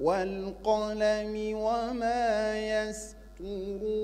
والقلم وما يسترون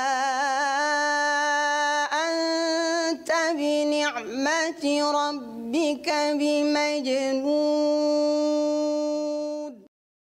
نعمة ربك بمجنون